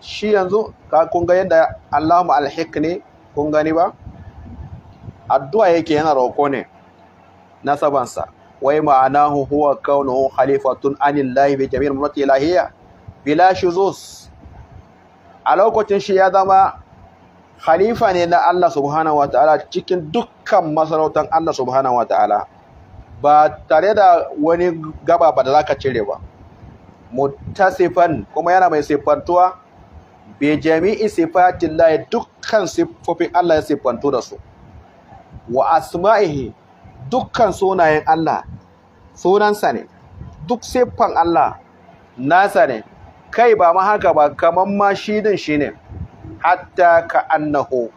shi yanzu ka kun yadda Allahumma alhik ne kun gani ba addu'a yake yana roƙo ne nasabansa wai ma'ana huwa kaunuhu khalifatun anillahi bi jami'il mulki ilahiyya bila a lokacin shi ya zama khalifa ne na Allah subhanahu wataala cikin dukkan masarautar Allah subhanahu wataala ba tare da wani gaba ba da za ka cire ba muttasifan kuma yana mai siffantuwa bi jami'i sifatin lahi dukkan siffofin Allah ya siffanto da su wa asma'ihi dukkan sunayen Allah sunansa ne duk siffan Allah nasa ne kai ba ma haka ba kaman ma shi din shi ne hatta ka annahu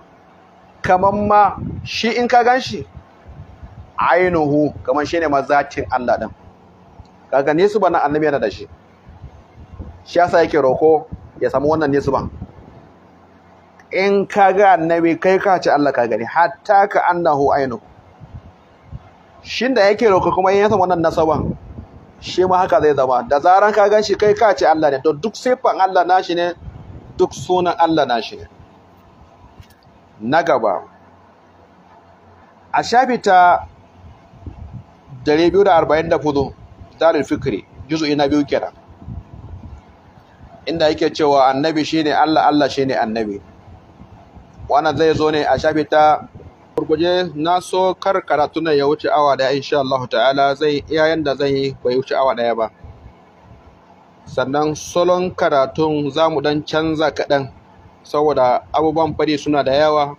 kaman ma shi in ka gan shi ainihu kaman shi ne ma zatin Allah din kaga ne su bana annabi yana da shi shi yasa yake roko ya samu wannan ba in ka ga annabi kai ka ci Allah ka gani hatta ka annahu ainu shin da yake roka kuma in ya samu wannan nasaban shi ma haka zai zama da zaran ka gan shi kai ka ci Allah ne to duk sifan Allah nashi ne duk sunan Allah nashi ne na gaba a shafi ta 244 dalil fikri juzu'i na biyu kenan inda yake cewa annabi shine Allah Allah shine annabi wannan zai zo ne a shafi ta gurguje na so kar karatu na ya wuce awa daya insha Allah ta'ala zai iya yanda zan yi bai wuce awa daya ba sannan salon karatun za mu dan canza kaɗan saboda abubuwan fari suna da yawa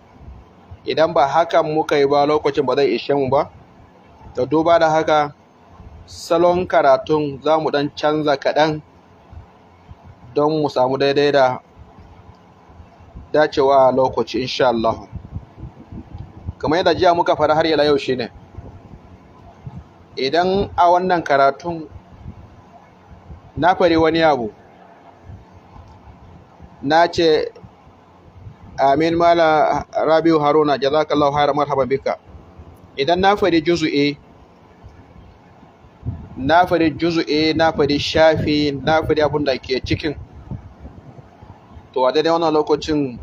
idan ba hakan muka yi ba lokacin ba zai ishe mu ba da duba da haka salon karatun za mu dan canza kaɗan don mu samu daidai da dacewa a lokaci insha Allah kamar yadda jiya muka fara har yau shine idan a wannan karatun na fari wani abu na ce amin mala rabiu haruna jazakallahu khairan marhaban bika idan na fari juzu'i na faɗi juzu'i na faɗi shafi na faɗi abin da ke cikin to a daidai wannan lokacin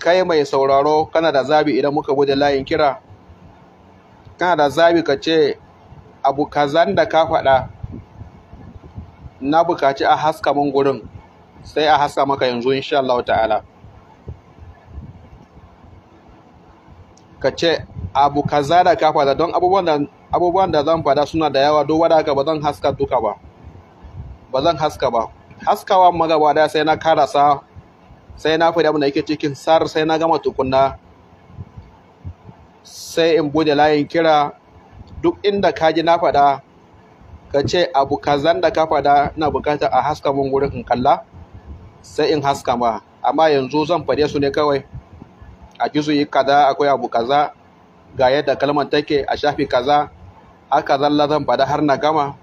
kai mai sauraro kana da zabi idan muka bude layin kira kana da zabi ka ce abu kazan da ka faɗa na bukaci a haska mun gurin sai a haska maka yanzu insha Allah ta'ala ka ce abu kaza da ka faɗa don abubuwan da abubuwan da zan fada suna da yawa duba da haka ba zan haska duka ba ba zan haska ba haskawa magaba da sai na karasa sai na fada muna yake cikin sar sai na gama tukunna sai in bude layin kira duk inda ka ji na fada ka ce abu kazan da ka fada na bukatar a haska mun wurin in kalla sai in haska ma amma yanzu zan fade su ne kawai a gizo yi kaza akwai abu kaza ga yadda kalmar take a shafi kaza aka zalla zan faɗa har na gama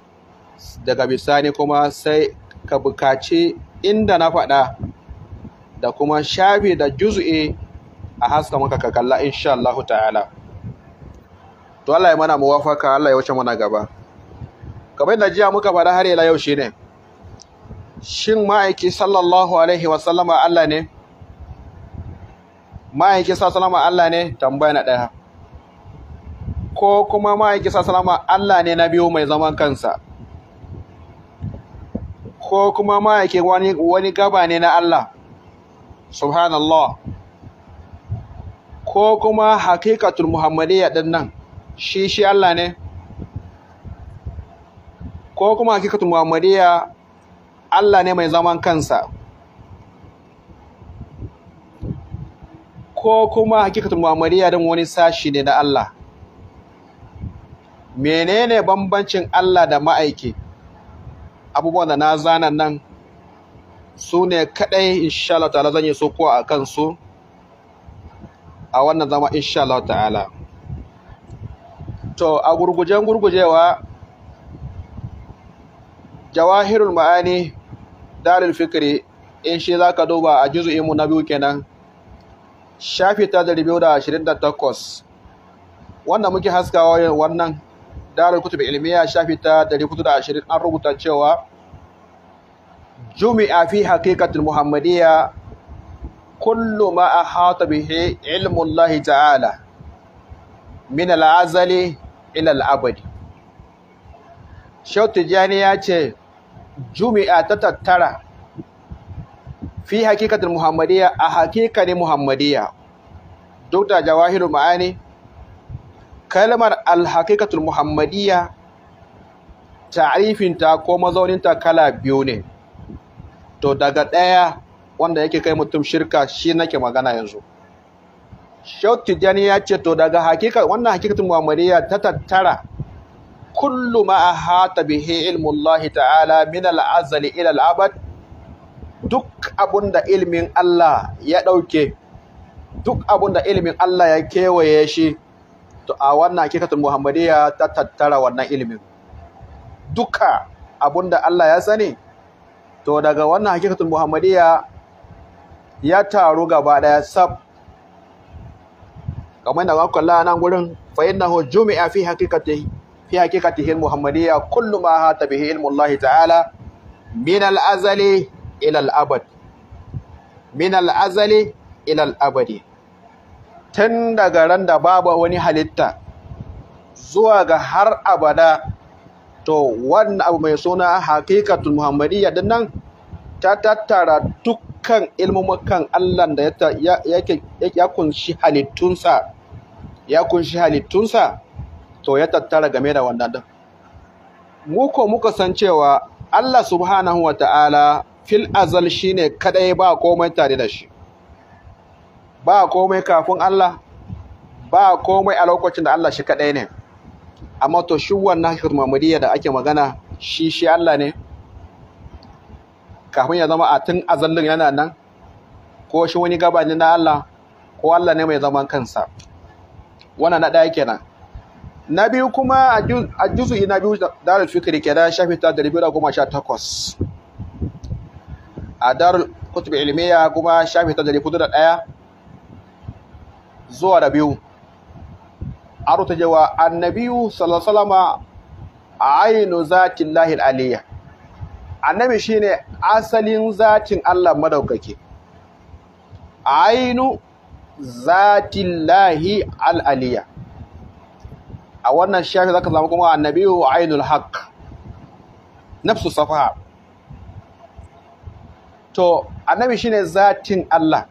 daga bisani kuma sai ka bukaci inda na faɗa da kuma shafi da juz'i a haska maka ka kalla insha Allah ta'ala to Allah ya mana muwafaka Allah ya wuce mana gaba kamar da jiya muka faɗa har ila yau shine shin ma'aiki sallallahu alaihi wa sallama Allah ne ma'aiki sallallahu alaihi wa sallama Allah ne tambaya na ɗaya ko kuma ma'aiki salama Allah ne na biyu mai zaman kansa ko kuma ma'aiki wani, wani gaba ne na Allah subhanallah ko kuma hakikatul muhammadiyya din nan shi shi Allah ne ko kuma hakikatul muhammadiyya Allah ne mai zaman kansa ko kuma hakikatul muhammadiyya din wani sashi ne na Allah menene bambancin Allah da ma'aiki abubuwan da na zana nan su ne kaɗai insha Allah ta'ala zan yi kowa a kansu a wannan zama insha Allah ta'ala to a gurgujen gurgujewa jawahirul ma'ani dalil fikri in shi za ka duba a jizu mu na biyu kenan shafi ta da takwas. wanda muke haskawa wannan darar kutub ilmiya shafi ta 420 an rubuta cewa jumi'a fi haqiqatil muhammadiyya kullu ma ahata bihi ilmu Allah ta'ala min al'azali ila al'abadi Shautu Jani ya ce jumi'a ta tattara fi haqiqatil muhammadiyya a haqiqanin muhammadiyya duk da jawahirul ma'ani kalmar alhaƙiƙatul muhammadiyya ta'arifinta ko mazauninta kala biyu ne to daga ɗaya wanda yake kai mutum shirka shi nake magana yanzu shautu jani ya ce to daga hakika wannan hakikatul muhammadiyya ta tattara kullu a ahata bihi ilmullahi ta'ala min al'azali azali ila abad duk da ilmin Allah ya dauke duk abunda ilmin Allah ya kewaye shi a wannan hakikatin muhammadiyya ta tattara wannan ilimin duka abinda Allah ya sani to daga wannan hakikatin muhammadiyya ya taru gaba daya sab kamar da kuka kalla gurin fa jumi'a fi haqiqati fi haqiqatihi muhammadiyya kullu ma hata bihi ilmu ta'ala min azali ilal min abadi tun daga ran da babu wani halitta zuwa ga har abada to wannan abu mai suna hakikatul muhammadiyya din nan ta tattara dukkan ilmumukan Allah da ya kunshi halittunsa ya kunshi halittunsa to ya tattara game da wannan din mu muka san cewa Allah subhanahu wa ta'ala fil azal shine kadai ba komai tare da shi ba komai kafin Allah ba komai a lokacin da Allah shi kaɗai ne amma to shi wannan hirmamuriya da ake magana shi shi Allah ne kafin ya zama a tun azallin yana nan ko shi wani gabani na Allah ko Allah ne mai zaman kansa wannan na ɗaya kenan na biyu kuma a yi na biyu da darul ke da shafi ta da ribira goma sha takwas a darul kutub ilmiya kuma shafi ta da ribira ɗaya zuwa da biyu a rute jawa annabiyu A ainihin zatin lahil aliyya annabi shine asalin zatin Allah madaukake ainu zatin lahi al'aliyya a wannan shafi zaka zama kuma annabiyu ainihin haq nafsu safa to annabi shine zatin Allah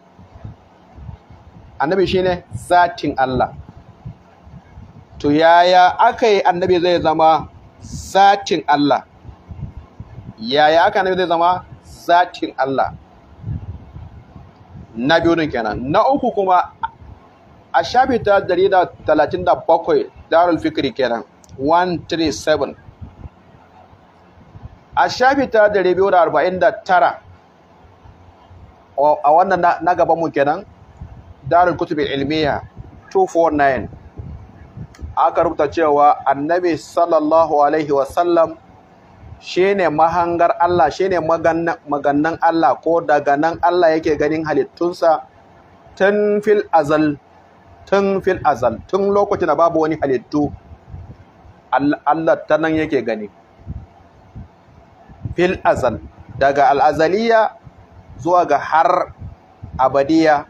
annabi shine zatin Allah to yaya aka yi annabi zai zama zatin Allah yaya aka annabi zai zama zatin Allah na biyu din kenan na uku kuma a shafi ta bakwai darul fikri kenan 137 a shafi ta tara a wannan na gabanmu kenan darul kutubin ilmiya 249 aka rubuta cewa annabi sallallahu alaihi wasallam ne mahangar Allah shi ne maganan Allah ko daga nan Allah yake ganin halittunsa tun fil azal tun fil azal tun lokacin da babu wani halittu Allah ta nan yake gani fil azal daga al'azaliya zuwa ga har abadiya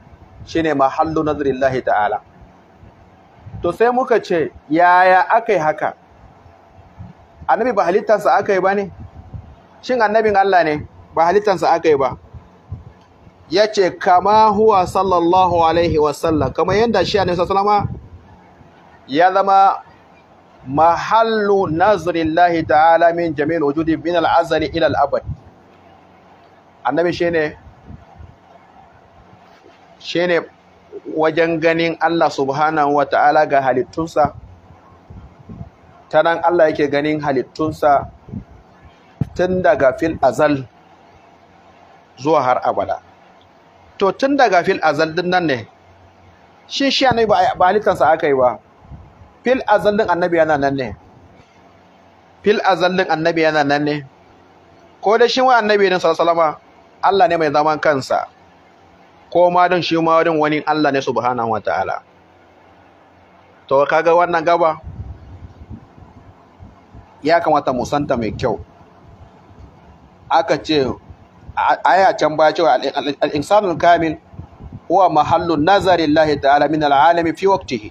Shi shine mahallu nazarillahi ta'ala to sai muka ce yaya aka yi haka annabi ba halittansa aka yi ba ne shin annabin Allah ne ba halittansa aka yi ba ya ce kama huwa sallallahu alaihi wasallam kama yadda shi annabi sallama ya zama mahallu nazarillahi ta'ala min jami'in wujudi min al'azali ila al'abad annabi ne. shine wajen ganin Allah subhanahu wa ta'ala ga halittunsa ta nan Allah yake ganin halittunsa tun daga fil azal zuwa har abada to tun daga fil azal din nan ne shi shi ne ba halittarsa aka yi ba fil azal din annabi yana nan ne fil azal din annabi yana nan ne ko da shi wa annabi din sallallahu alaihi Allah ne mai zaman kansa ko ma don shi ma wurin wani Allah ne subhanahu wataala to kaga wannan gaba ya kamata mu santa mai kyau aka ce aya can baya cewa al kamil huwa mahallu nazari Allah ta'ala min al fi waqtihi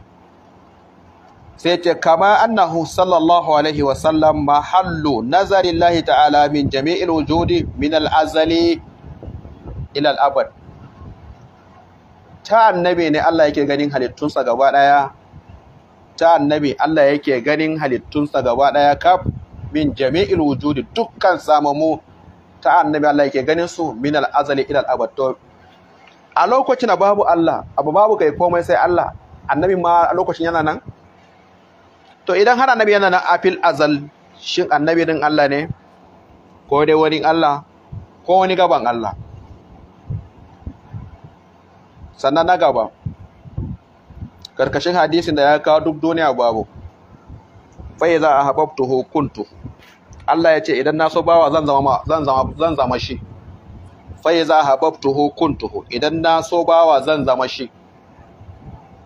sai ce kama annahu sallallahu alaihi wasallam mahallu nazari Allah ta'ala min jami'il wujudi min al-azali ila al-abad ta annabi ne Allah yake ganin halittunsa gaba ɗaya ta annabi Allah yake ganin halittunsa gaba ɗaya kaf min jami'il wujudi dukkan samamu ta annabi Allah yake ganin su min al-azali ila al-abad a lokacin babu Allah abu babu kai komai sai Allah annabi ma a lokacin yana nan to idan har annabi yana nan afil azal shin annabi din Allah ne ko dai wani Allah ko wani gaban Allah sannan na gaba karkashin hadisin da ya kawo duk duniya babu fai za a tuho kuntu Allah ya ce idan na so bawa zan zama shi fai za a tuho kuntu idan na so bawa zan zama shi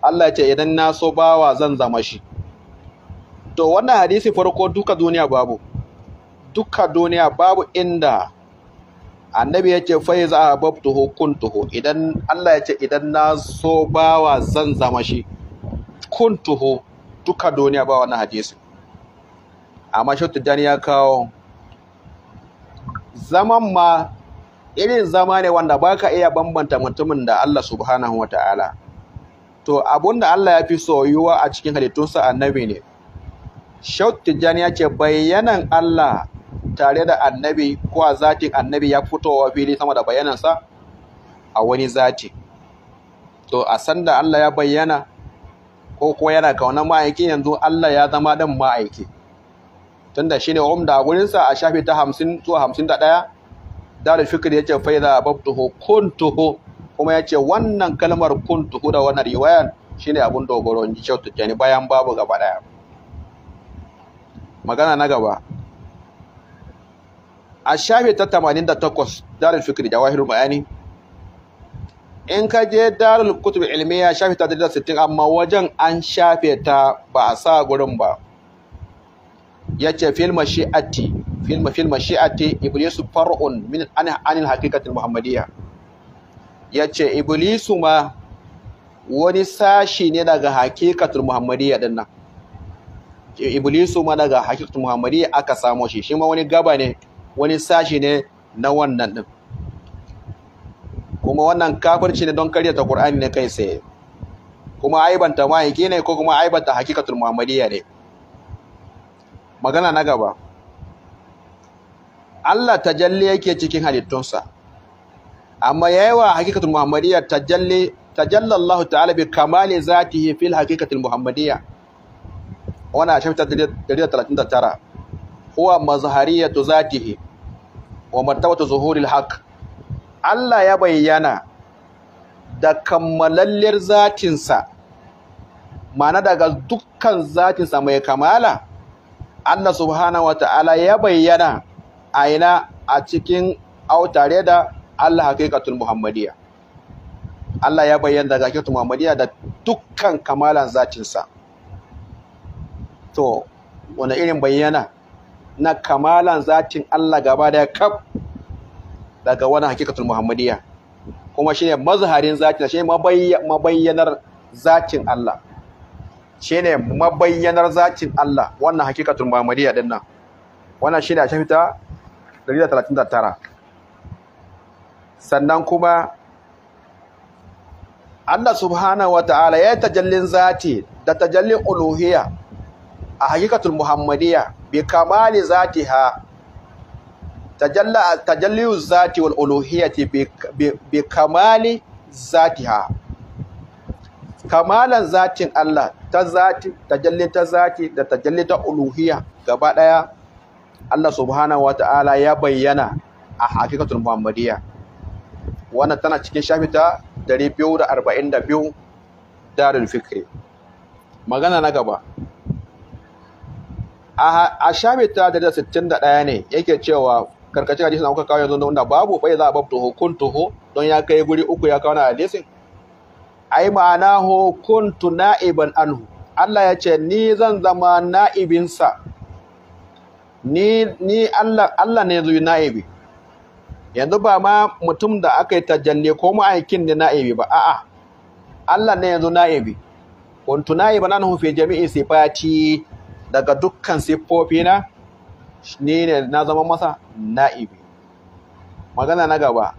Allah ya ce idan na so bawa zan zama shi to wannan hadisi farko duka duniya babu duka duniya babu inda annabi ya ce fa iza ahbabtuhu kuntuhu idan Allah ya ce idan na so bawa zan zama shi kuntuhu duka duniya ba wannan hadisi amma shi ya kawo zaman ma irin zama ne wanda baka iya bambanta mutumin da Allah subhanahu wa ta'ala to abunda Allah ya fi soyuwa a cikin halittunsa annabi ne Shaut Tijjani ya ce bayanan Allah tare da annabi ko a zatin annabi ya fitowa fili sama da bayanansa a wani zati to a sanda Allah ya bayyana ko ko yana kauna ma'aiki yanzu Allah ya zama dan ma'aiki tunda shine gurin sa a shafi ta 50 zuwa 51 dalil fikri yace faida babtuhu kuntuhu kuma yace wannan kalmar kuntuhu da wannan riwayan shine abun dogoro in ji bayan babu gaba daya magana na gaba a shafe ta 88 darul fikri jawahirul bayani in ka je darul kutub ilmiya shafe ta 60 amma wajen an shafe ta ba a sa gurin ba yace fil shi'ati fil fil shi'ati iblisu far'un min an anil haqiqatil muhammadiyya yace iblisu ma wani sashi ne daga haqiqatul muhammadiyya din nan iblisu ma daga haqiqatul muhammadiyya aka samo shi shi ma wani gaba ne wani sashi ne na wannan din kuma wannan kafirci ne don karyata Qur'ani ne kai sai kuma aibanta mahaiki ne ko kuma aibanta hakikatul muhammadiyya ne magana na gaba Allah tajalli yake cikin halittunsa amma yawa hakikatul muhammadiyya tajalli tajalla Allah ta'ala bi kamali zatihi fil hakikatul muhammadiyya wannan shafi 139 huwa mazhariyatu zatihi wa martabatu zuhuril haq Allah ya bayyana da kammalalliyar zatinsa ma'ana daga dukkan zatinsa mai kamala Allah subhanahu wata'ala ya bayyana a ina a cikin tare da Allah haqiqatul muhammadiyya Allah ya bayyana daga haqiqatul muhammadiyya da dukkan kamalan zatinsa to wani irin bayyana na kamalan zatin Allah gaba da kaf daga wani hakikatul muhammadiyya kuma shine mazharin zatin shine mabayyanar zatin Allah shine mabayyanar zatin Allah wannan hakikatul muhammadiyya din nan wannan shine a shafita 139 sannan kuma Allah subhanahu wataala ya tajallin zati da tajallin uluhiyya a hakikatul muhammadiyya bi kamali zatiha tajalla tajalliyu zati wal uluhiyyati bi kamali zatiha kamalan zatin Allah ta zati tajalli ta zati da tajalli ta uluhiyya gaba daya Allah subhanahu wata'ala ya bayyana a hakikatul muhammadiyya wannan tana cikin shafita 242 darul fikri magana na gaba a shami ta da ɗaya ne yake cewa karkashin hadisin kuka kawo yanzu da babu bai za a babtu hukuntuhu don ya kai guri uku ya kawo na hadisin ai ma'ana ho kuntu na'iban anhu Allah ya ce ni zan zama na'ibinsa ni ni Allah Allah ne zuwa na'ibi yanzu ba ma mutum da aka yi tajanni ko ma'aikin ne na'ibi ba a'a Allah ne yanzu na'ibi kuntu na'iban anhu fi jami'i sifati daga dukkan siffofina ne ne na zama masa na'ibi magana na gaba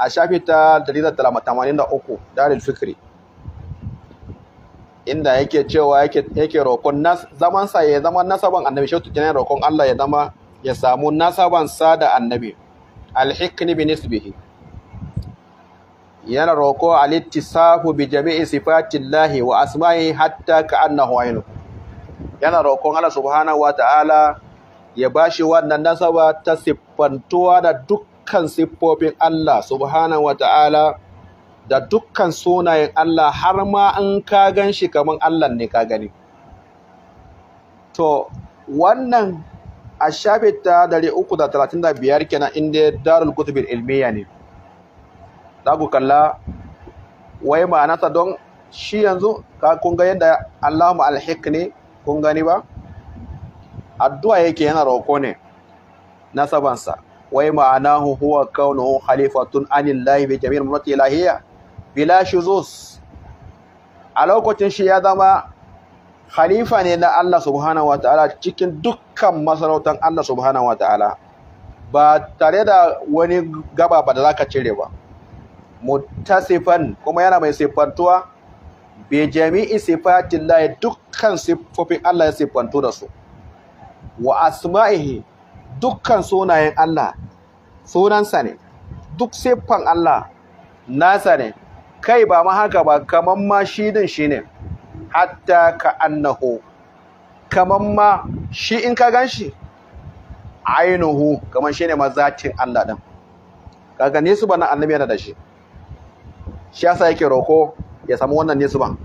a shafi ta 183 daril fikri inda yake cewa yake roƙon nas zaman sa ya zama nasaban annabi shi tukin roƙon Allah ya zama ya samu nasaban sa da annabi alhikni bi nisbihi yana roƙo alittisahu bi jami'i sifatillahi wa asma'i hatta ka'annahu ainu yana roƙon Allah subhanahu ta'ala ya bashi wannan nasaba ta siffantuwa da dukkan siffofin Allah subhanahu ta'ala da dukkan sunayen Allah har ma an ka gan shi kamar Allah ne ka gani to wannan a shafe ta 335 kenan inda darul kutubin ilmiya ne za ku kalla wai ma'anata don shi yanzu ka kunga ga yadda Allahumma alhik ne kun gani ba addu'a yake yana roƙo ne nasabansa wai ma'ana huwa kaunuhu halifatun anillahi bi jami'in mulki ilahiyya bila shuzus a lokacin shi ya zama khalifa ne na Allah subhanahu ta'ala cikin dukkan masarautar Allah subhanahu ta'ala ba tare da wani gaba ba da zaka cire ba muttasifan kuma yana mai siffantuwa bi jami'i sifatillahi dukkan siffofin Allah ya siffanto da su wa asma'ihi dukkan sunayen Allah sunansa ne duk siffan Allah nasa ne kai ba ma haka ba kaman ma shi din shi ne hatta ka annahu kaman ma shi in ka gan shi ainihu kaman shi ne ma zatin Allah din kaga su na annabi yana da shi shi yasa yake roko ya samu wannan ba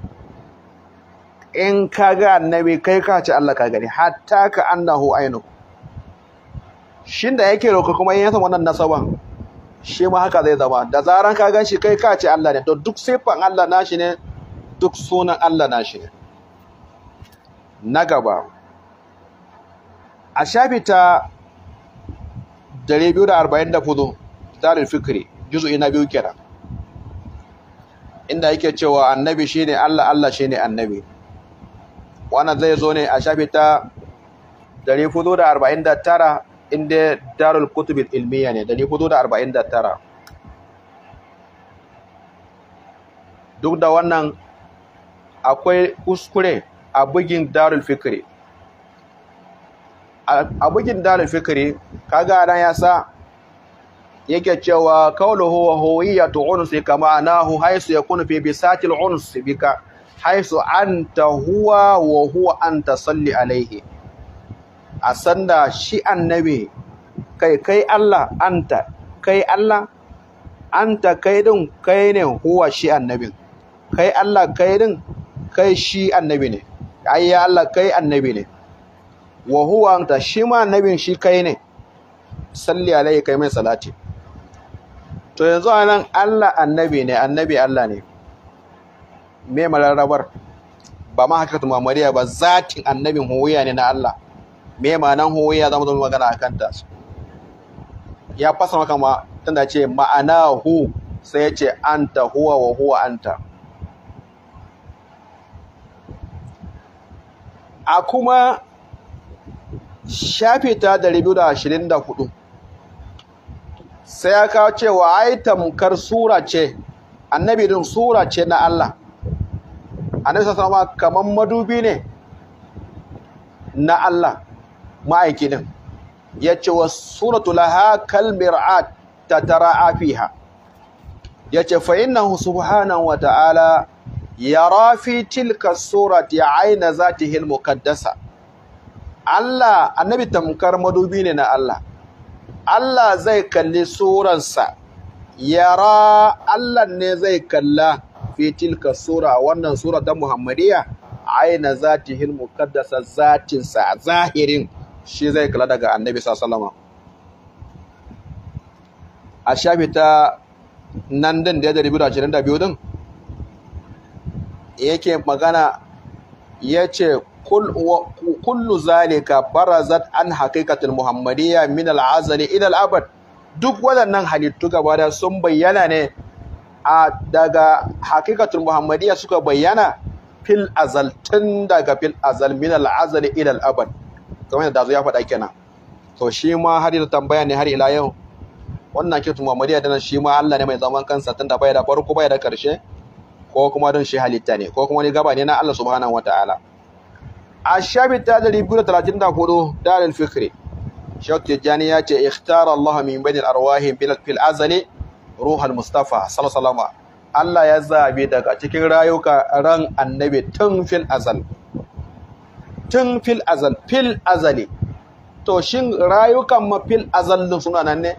in ka ga annabi kai ka ci Allah ka gani hatta ka annahu ainu shin da yake roka kuma in ya samu wannan nasaban shi ma haka zai zama da zaran ka gan shi kai ka ci Allah ne to duk sifan Allah nashi ne duk sunan Allah nashi ne na gaba a shafi ta 244 Dalil fikri juzu'i na biyu kenan inda yake cewa annabi shine Allah Allah shine annabi wannan zai zo ne a shafi ta 449 inda darul kutub ilmiya ne 449 duk da wannan akwai kuskure a bugin darul fikri a bugin darul fikri kaga ya sa yake cewa qawluhu wa huwiyatu unsi kama anahu haisu yakunu fi bisatil unsi bika haisu anta huwa wa huwa anta salli alaihi a sanda shi annabi kai kai Allah anta kai Allah anta kai din kai ne huwa shi annabin kai Allah kai din kai shi annabi ne ayya Allah kai annabi ne wa huwa anta shi ma annabin shi kai ne salli alaihi kai mai salati to yanzu a nan Allah annabi ne annabi Allah ne me mararrabar ba ma haka tumamariya ba zatin annabin huwuya ne na Allah me ma'anan huwuya za mu zama magana a kanta ya fasa maka ma tana ce ma'ana hu sai ya ce anta huwa wa huwa anta a kuma shafe ta 224 sai ya kawo cewa ai tamkar sura ce annabi din sura ce na Allah annabi sallama kaman madubi ne na Allah ma'aiki din ya ce wa suratu laha kal mir'at tatara'a fiha ya ce fa innahu subhanahu wa ta'ala yara fi tilka surati aina zatihi al muqaddasa Allah annabi tamkar madubi ne na Allah Allah zai kalli suransa yara Allah ne zai kalla fitil ka sura wannan sura ta Muhammadiyya aina zatihin mukaddasa zatinsa zahirin shi zai kalla daga Annabi sallallahu a shafi ta nan din da ya dari da ashirin da biyu din yake magana ya ce kullu zalika barazat an haqiqatul muhammadiyya min al-azali ila al-abad duk waɗannan halittu gaba da sun bayyana ne a daga haqiqatul muhammadiyya suka bayyana fil azal tun daga fil azal min al-azali ila al-abad kamar da ya faɗa kenan to shi ma har yi tambaya ne har ila yau wannan kitu muhammadiyya dana shi ma Allah ne mai zaman kansa tun da bai da farko bai da karshe ko kuma don shi halitta ne ko kuma ni gaba ne na Allah subhanahu wataala a shafi ta da ribu da talatin da hudu dalil fikri shauk tijjani ya ce ikhtar allah min bainil arwahi fil azali ruhal mustafa sallallahu allah ya zabe daga cikin rayuka ran annabi tun fil azal tun fil azal fil azali to shin rayukan ma fil azal din suna nan ne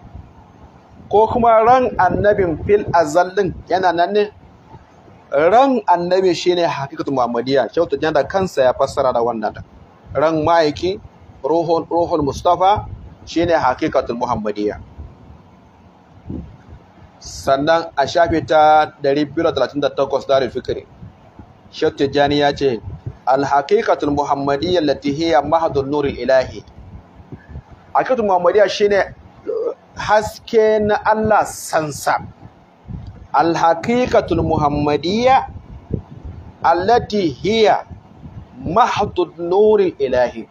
ko kuma ran annabin fil azal din yana nan ne ran annabi shine hakikatu muhammadiyya shehu tijjani da kansa ya fassara da wannan ran ma'aiki ruhun ruhun mustafa shine hakikatu muhammadiyya sannan a shafi ta 238 darin fikiri shehu jani ya ce alhaqiqatul muhammadiyya allati hiya mahdun nuril ilahi hakikatul muhammadiyya shine haske na Allah sansa alhaƙiƙatul muhammadiyya allati hiya mahdud nuril ilahi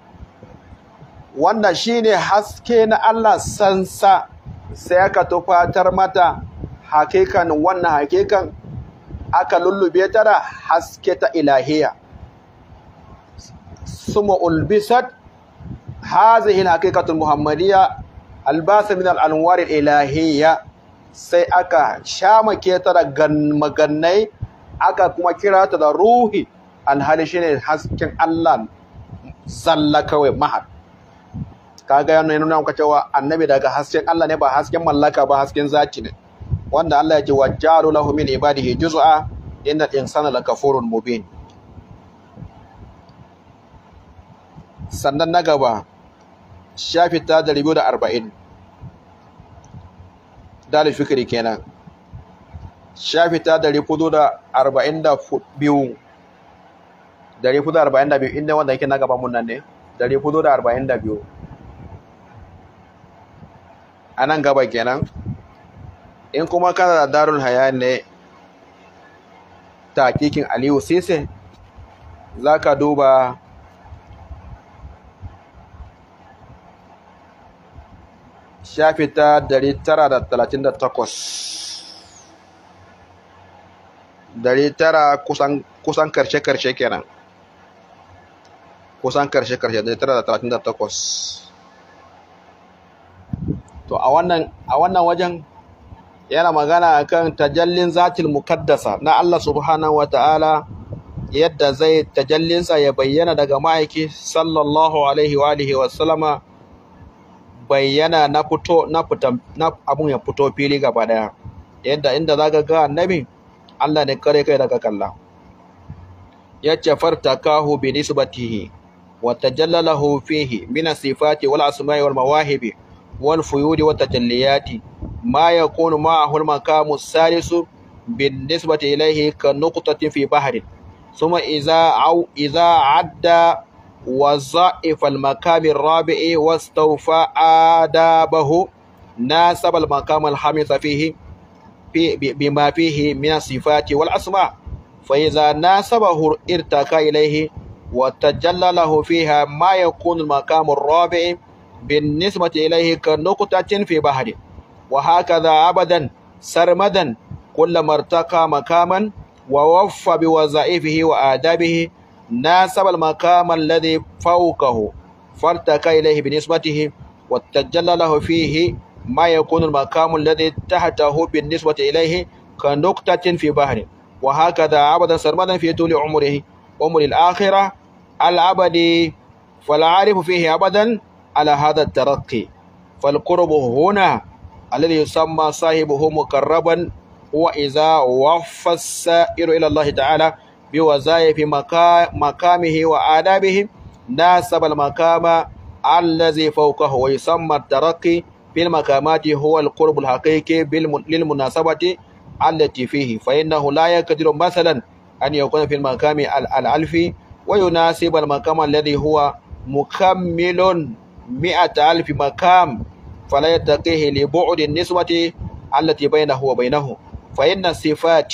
wannan shine haske na Allah sansa sai aka tufatar mata hakikan wannan hakikan aka lullube ta da haske ta ilahiya suma ulbisat hazihi alhaqiqatul muhammadiyya albasa min al-anwar ilahiyya sai aka shamake ta da maganai aka kuma kira ta da ruhi alhali shine hasken Allah zalla kawai mahar kaga yana ya nuna cewa annabi daga hasken Allah ne ba hasken mallaka ba hasken zaki ne wanda Allah ya ce wa jaru lahu min ibadihi juz'a innal insana lakafurun mubin sannan na gaba shafi ta da arba'in. da fikiri kenan shafi ta dari fudu da arba'in da biyu dari fudu da arba'in da biyu inda wanda yake na gaban nan ne dari fudu da arba'in da biyu a nan gaba kenan in kuma kana da darul haya ne takikin aliyu sise za ka duba shafi ta 938 tara kusan karshe-karshe kenan kusan karshe-karshe 938 to a wannan a wannan wajen yana magana a kan tajallin zatil mukaddasa na Allah subhanahu wata'ala yadda zai tajallinsa ya bayyana daga ma'aiki sallallahu alaihi wa alihi wa salama. bayyana na fito na fita na abun ya fito fili gaba daya yadda inda zaka ga annabi Allah ne kare kai daga kalla Ya ce fartakahu bi nisbatihi wa tajallalahu fihi min sifati wal asma'i wal mawahibi wal fuyudi wa tajalliyati ma yakunu ma hul makamu salisu bi nisbati ilayhi ka nuqtatin fi bahrin ثم iza au iza adda وضعف المقام الرابع واستوفى آدابه ناسب المقام الخامس فيه في بما فيه من الصفات والأسماء فإذا ناسبه ارتقى إليه وتجلى له فيها ما يكون المقام الرابع بالنسبة إليه كنقطة في بحر وهكذا أبدا سرمدا كلما ارتقى مقاما ووفى بوظائفه وآدابه na sabal makaman ladhi fawqahu farta ka ilayhi bi nisbatihi wa tajalla lahu fihi ma yakunu al makamu alladhi tahtahu bi nisbati ilayhi ka nuqtatin fi bahri wa hakadha abadan sarmadan fi tuli umrihi umr al akhirah al abadi fal arifu fihi abadan ala hadha al tarqi fal qurbu huna alladhi yusamma sahibuhu muqarraban wa idha waffa as-sa'iru ila allah ta'ala بوظائف مقامه وآدابه ناسب المقام الذي فوقه ويسمى الترقي في المقامات هو القرب الحقيقي للمناسبة التي فيه فإنه لا يقدر مثلا أن يكون في المقام الألفي ويناسب المقام الذي هو مكمل مئة ألف مقام فلا يتقيه لبعد النسبة التي بينه وبينه فإن الصفات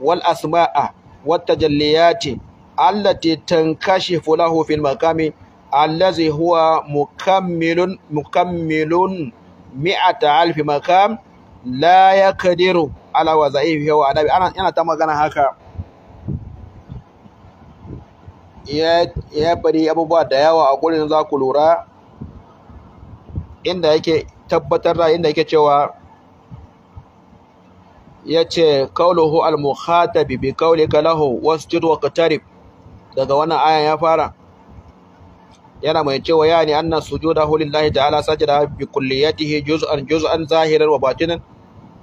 والأسماء wata jalliyati allati tankashi fulahu fil makami allazi huwa mukammilun mukammilun mi'ata alfi makam la yaqdiru ala wazaifi huwa adabi ana yana ta magana haka ya bari abubuwa da yawa a gurin za ku lura inda yake tabbatar da inda yake cewa Ya ce qawluhu al-mukhatabi bi qawlika lahu wasjud waqtarib daga wannan ayan ya fara yana mai cewa yani anna sujudahu lillahi ta'ala sajada bi kulliyatihi juz'an juz'an zahiran wa batinan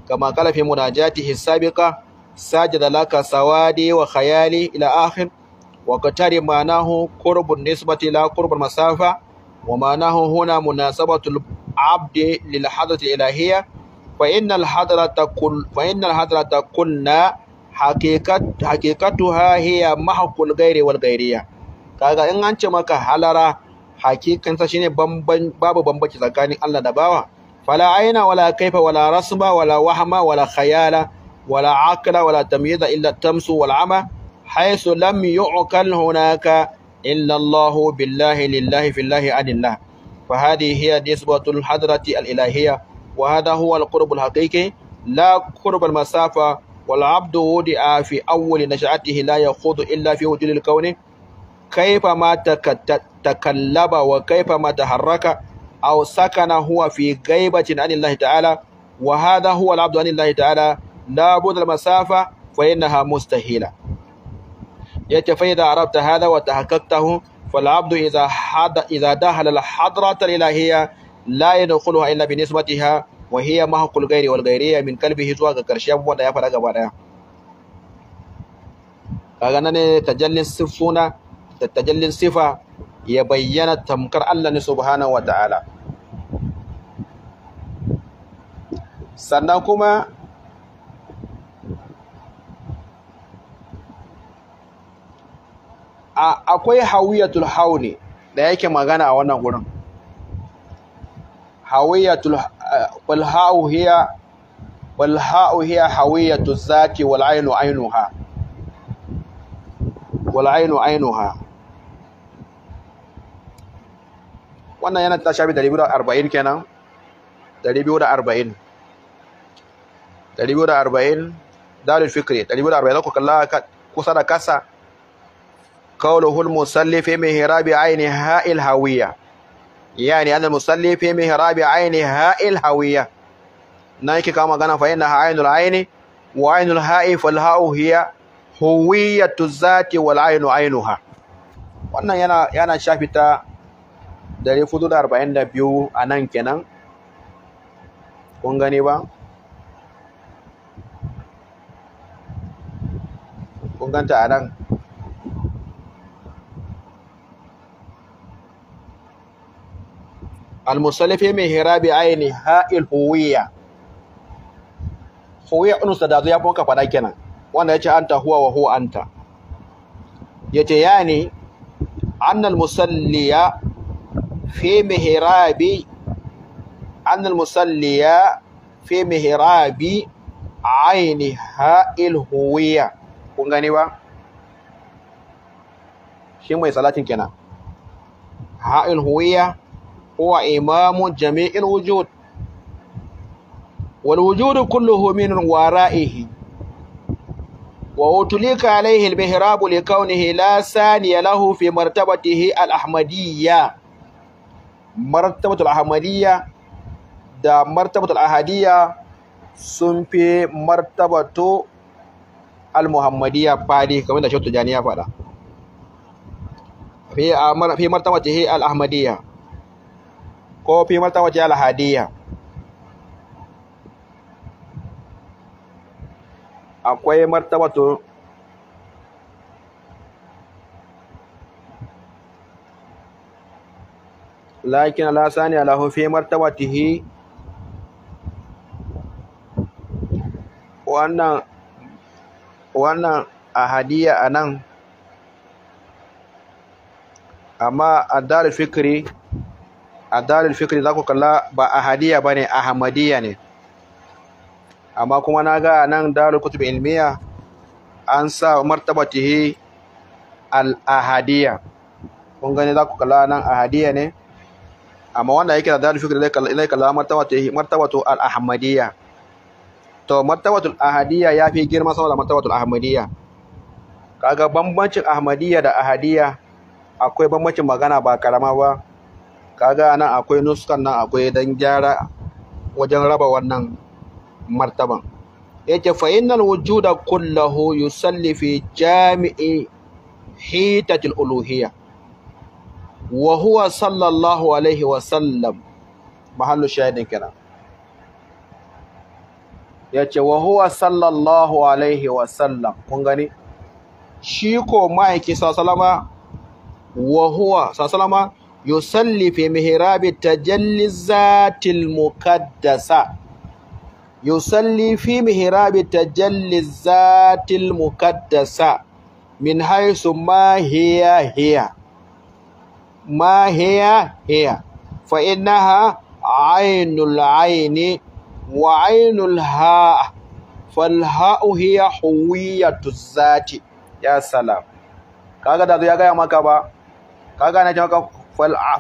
kama qala fi munajatihi sabiqa sajada laka sawadi wa khayali ila akhir wa qatari ma'nahu qurbun nisbati la qurbul masafa wa ma'nahu huna munasabatul abdi lil hadrati ilahiyya فإن الحضرة كل فإن الحضرة كنا حقيقة حقيقتها هي محق الغير والغيرية كاغا إن أنت مكا حلرا حقيقة شيني بمبن بابو بمبكي زكاني الله دباوا فلا عين ولا كيف ولا رسم ولا وهم ولا خيال ولا عقل ولا تمييز إلا التمس والعمى حيث لم يعقل هناك إلا الله بالله لله في الله عن الله فهذه هي نسبة الحضرة الإلهية wa hada huwa al-qurb al la qurb masafa wal abdu wudi'a fi awwal nash'atihi la yakhudu illa fi wujud al-kawn kayfa wa kayfa ma taharraka aw sakana huwa fi ghaibatin anillahi ta'ala wa hada abdu anillahi ta'ala la budda al-masafa fa innaha mustahila yace fa idha dahala al-hadrata la yadkhuluha illa bi nisbatiha wa hiya mahqul ghairi wal ghairiyya min qalbihi zuwa ga karshe abubuwan da ya faɗa gaba ɗaya. kaga nan ne tajallin sifuna da tajallin sifa ya bayyana tamkar Allah ne wa ta'ala sannan kuma akwai hawiyatul hauni da yake magana a wannan wurin. هاوية والهاء هي والهاء هي هاوية الذات والعين عينها والعين عينها وانا انا تشابه دليل بودا أربعين كنا دليل بودا أربعين دليل بودا أربعين دار الفكرة دليل بودا أربعين كلا كسر كسر قوله المسلف مهراب عينها الهوية yani annal musalli fi mihrabi aini ha'il hawiya na yake kama magana fa inna ainul aini wa ainul ha'i fal ha'u hiya huwiyatu zati wal ainu ainuha wannan yana yana shafi ta 442 a nan kenan almusallafi mai hirabi ayini ha'il huwiya huwiya unus da dazu ya fi faɗa kenan wanda ya ce an ta huwa wa huwa anta ya ce ya ne annal musalliya fi mihrabi annal musalliya fi mihrabi aini ha'il huwiya kun gani ba shi mai salatin kenan ha'il huwiya هو إمام جميع الوجود والوجود كله من ورائه وأطلق عليه المهراب لكونه لا ثاني له في مرتبته الأحمدية مرتبة الأحمدية دا مرتبة الأحدية سنفي مرتبة المحمدية فادي كما شفت جانيا فادا في مرتبته الأحمدية ko fi martabati alhadiyya akwai martabatu lakin la sani lahu fi martabatihi wannan wannan Hadiyya anan amma a dar fikri a fikri za ku kalla ba ahadiya ba ne ahmadiyya ne amma kuma na ga nan darul kutub ilmiya an sa martabatihi al Ahadiya. kun gani za ku kalla nan Ahadiya ne amma wanda yake da darul fikri zai kalla martabatihi martabatu al ahmadiya to martabatul Ahadiya ya fi girma sama da martabatul ahmadiya kaga bambancin ahmadiya da Ahadiya akwai bambancin magana ba karama ba kaga nan akwai nuskan nan akwai dan gyara wajen raba wannan martaban yake fa innal wujuda kullahu yusalli fi jami'i hitatil uluhiyya wa huwa sallallahu alaihi wa sallam mahallu shahidin kenan yace wa huwa sallallahu alaihi wa sallam kun gani shi ko ma'aiki sallallahu wa huwa sallallahu yusalli fi mihrabi tajalli zatil mukaddasa yusalli fi mihrabi tajalli zatil mukaddasa min haisu ma hiya hiya ma hiya hiya fa innaha ainul aini wa ainul ha fal ha'u hiya huwiyatu zati ya salam kaga da ya gaya maka ba kaga na maka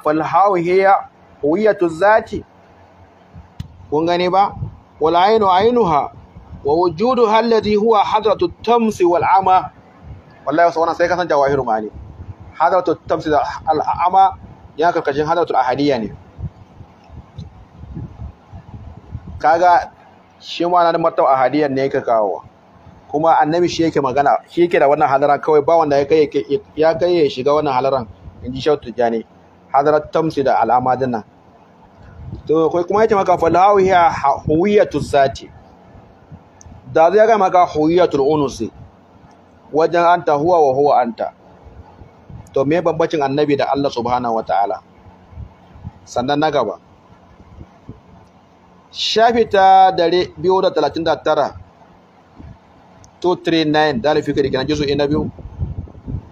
falhawu hiya huwiyatu zati kun gani ba wal ainu ainuha wa wujudu alladhi huwa hadratu tamsi wal ama wallahi wannan sai ka san jawahiru mali hadratu tamsi da al ama ya karkashin hadratu ahadiyya ne kaga shi ma nan matau ahadiyya ne ka kawo kuma annabi shi yake magana shi yake da wannan halaran kawai ba wanda ya kai ya shiga wannan halaran inji shautu jani hadarat tamsi da al'ama to kai kuma yace maka falawiya huwiyatu zati da zai ga maka huwiyatul unusi wajen anta huwa wa huwa anta to me bambancin annabi da Allah subhanahu wataala sannan na gaba shafi ta dare biyu da talatin da tara 239 da alfi kirkiran jisu ina biyu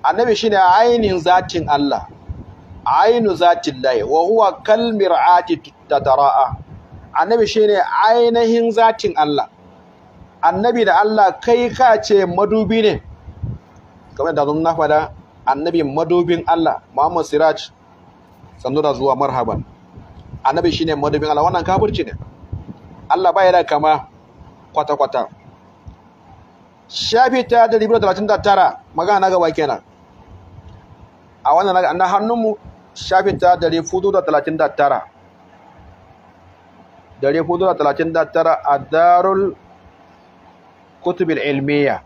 annabi shine ainihin zatin Allah ainu zatin lai wa huwa kal mir'ati tatara'a annabi shine ainihin zatin Allah annabi da Allah kai ka ce madubi ne kamar da na fada annabi madubin Allah Muhammad Siraj sanu da zuwa marhaban annabi shine madubin Allah wannan kafirci ne Allah baya da kama kwata kwata shafi ta 139 magana gaba kenan a wannan na hannunmu shafin ta dare fudu da talatin da tara dare fudu da talatin da tara a darul kutubin ilmiya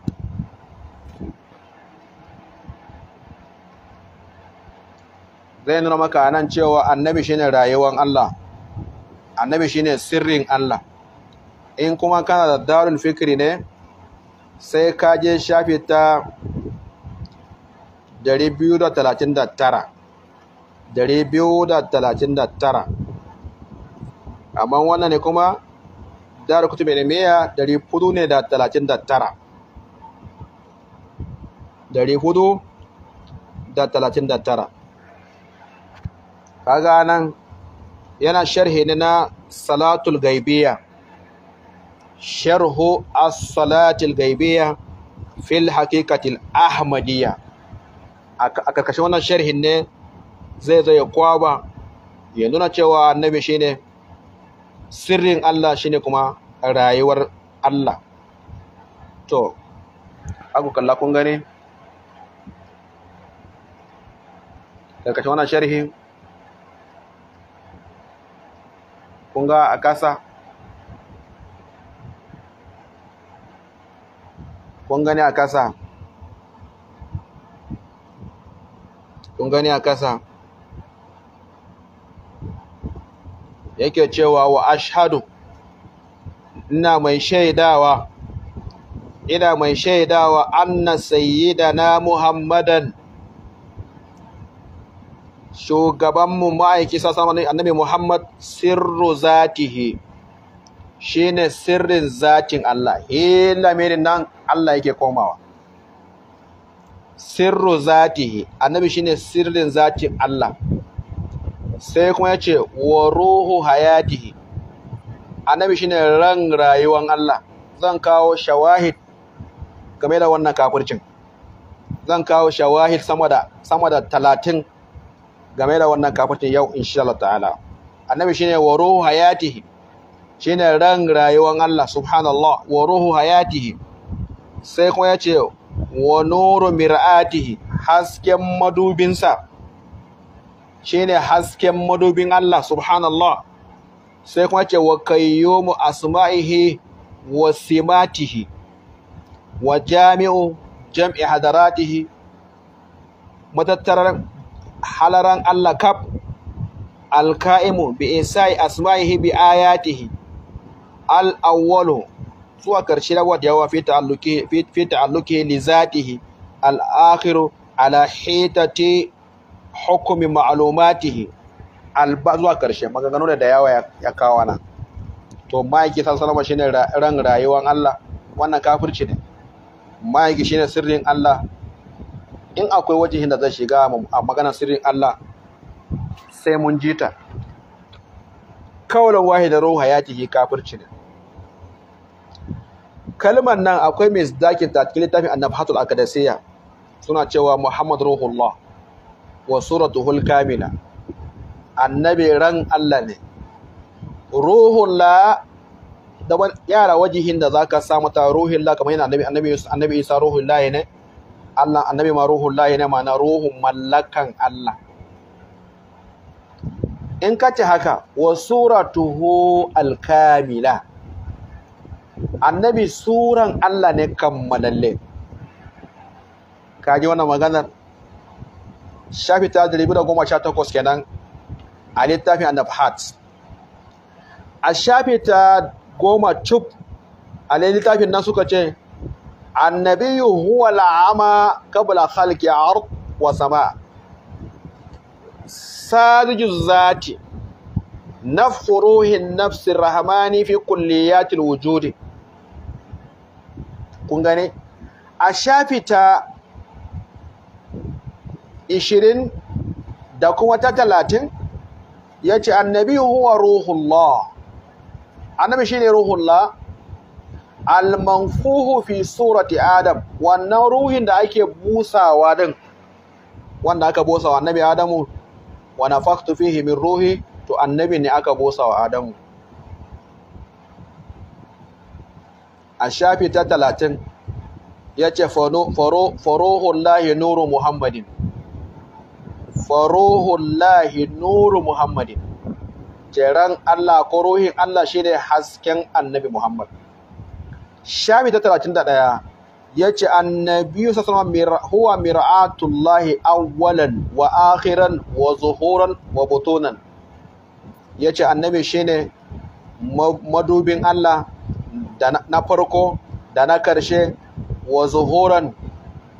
zai nuna maka nan cewa annabi shine rayuwan Allah annabi shine sirrin Allah in kuma kana da darul fikri ne sai kaje shafi ta biyu biyu da da da talatin talatin tara, da tara, amma wannan ne kuma kutu da da talatin tara. daru kutubi ilmiya 439 439 kaga nan yana sharhi ne na salatul gaibiya sharhu as-salatul gaibiya fil haqiqatil ahmadiyya a karkashin wannan sharhin ne zai zai kwaba ya nuna cewa annabi shine sirrin Allah shine kuma rayuwar Allah to aku kalla kun gane karkashin wannan sharhin? kun ga a kasa kun gane a kasa kun gani a kasa yake cewa wa ashhadu ina mai shaidawa ina mai shaidawa anna sayyidana muhammadan shugabanmu ma'aiki sassanin annabi muhammad sirru zatihi shine sirrin zatin Allah he lamirin nan Allah yake komawa sirru zati annabi shine sirrin zatin Allah sai kuma ya ce wa ruhu hayatihi annabi shine ran rayuwan Allah zan kawo shawahid game da wannan kafircin zan kawo shawahid sama da sama da 30 game da wannan kafircin yau insha Allah ta'ala annabi shine wa ruhu hayatihi shine ran rayuwan Allah subhanallah wa ruhu hayatihi sai kuma ya ce wa nuru mir'atihi hasken madubinsa shine hasken madubin Allah subhanallah sai kuma ce wa kayyumu asma'ihi wa simatihi wa jami'u jam'i hadaratihi matattarar halaran Allah kaf alka'imu bi isai asma'ihi bi ayatihi al-awwalu zuwa ƙarshe abubuwa da yawa fi ta'alluki li zaɗihi al'akhiru akhiru ala hitati hukumin ma'alumatihi alba zuwa ƙarshe, maganganu da yawa ya kawo nan to ma'aiki san salama shine ran rayuwar Allah wannan kafirci ne ma'aiki shine sirrin Allah in akwai wajen da zai shiga a maganar sirrin Allah sai mun jita kawalan wahidar ruha ya tihi kafirci ne kalmar nan akwai mai zakin ta cikin littafin Annabi annabhatul akadasiya suna cewa muhammad ruhullah wa suratuhul kamila annabi ran allah ne ruhullah da wani yara wajihin da zaka samu ta ruhin la kamar yana annabi annabi annabi isa ruhun lahi ne Allah annabi ma ruhun lahi ne ma'ana ruhun mallakan Allah in ka ce haka wa suratuhu alkamila annabi suran Allah ne kammalalle kaji wannan maganar shafi ta da goma sha takwas kenan a littafin hat a shafi ta goma cub a littafin nan suka ce yi huwa la'ama kabla a ard wa sama sadiju zati nafsuruhin nafsir rahamani fi kulliyatil wujudin kun gane a shafi ta 20 da kuma ta 30 ya ce annabi huwa ruhullah annabi shi shine ruhullah almanfuhu fi surati adam wannan ruhin da ake busawa din wanda aka busawa annabi adamu wa nafaktu fihi min ruhi to annabi ne aka busawa adamu a shafi ta talatin ya ce faruhullahi nuru muhammadin faruhullahi nuru muhammadin jeran Allah ko ruhin Allah ne hasken annabi muhammad shafi ta talatin da ɗaya ya ce annabi sassama huwa mir'atullahi awwalan wa akhiran wa zuhuran wa butunan ya ce annabi ne, madubin Allah na farko da na ƙarshe wa zuhuran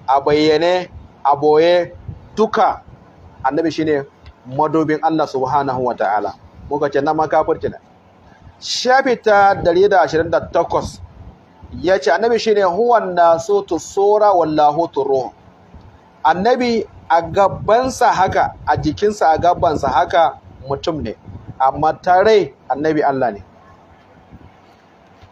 a bayyane a boye duka annabi shine madobin Allah subhanahu wa ta'ala muka ce na makafirci ne shafi 128 ya ce annabi shine huwan nasu tusura wallahu turuhu annabi a gabansa haka a jikinsa a gabansa haka mutum ne amma tare annabi Allah ne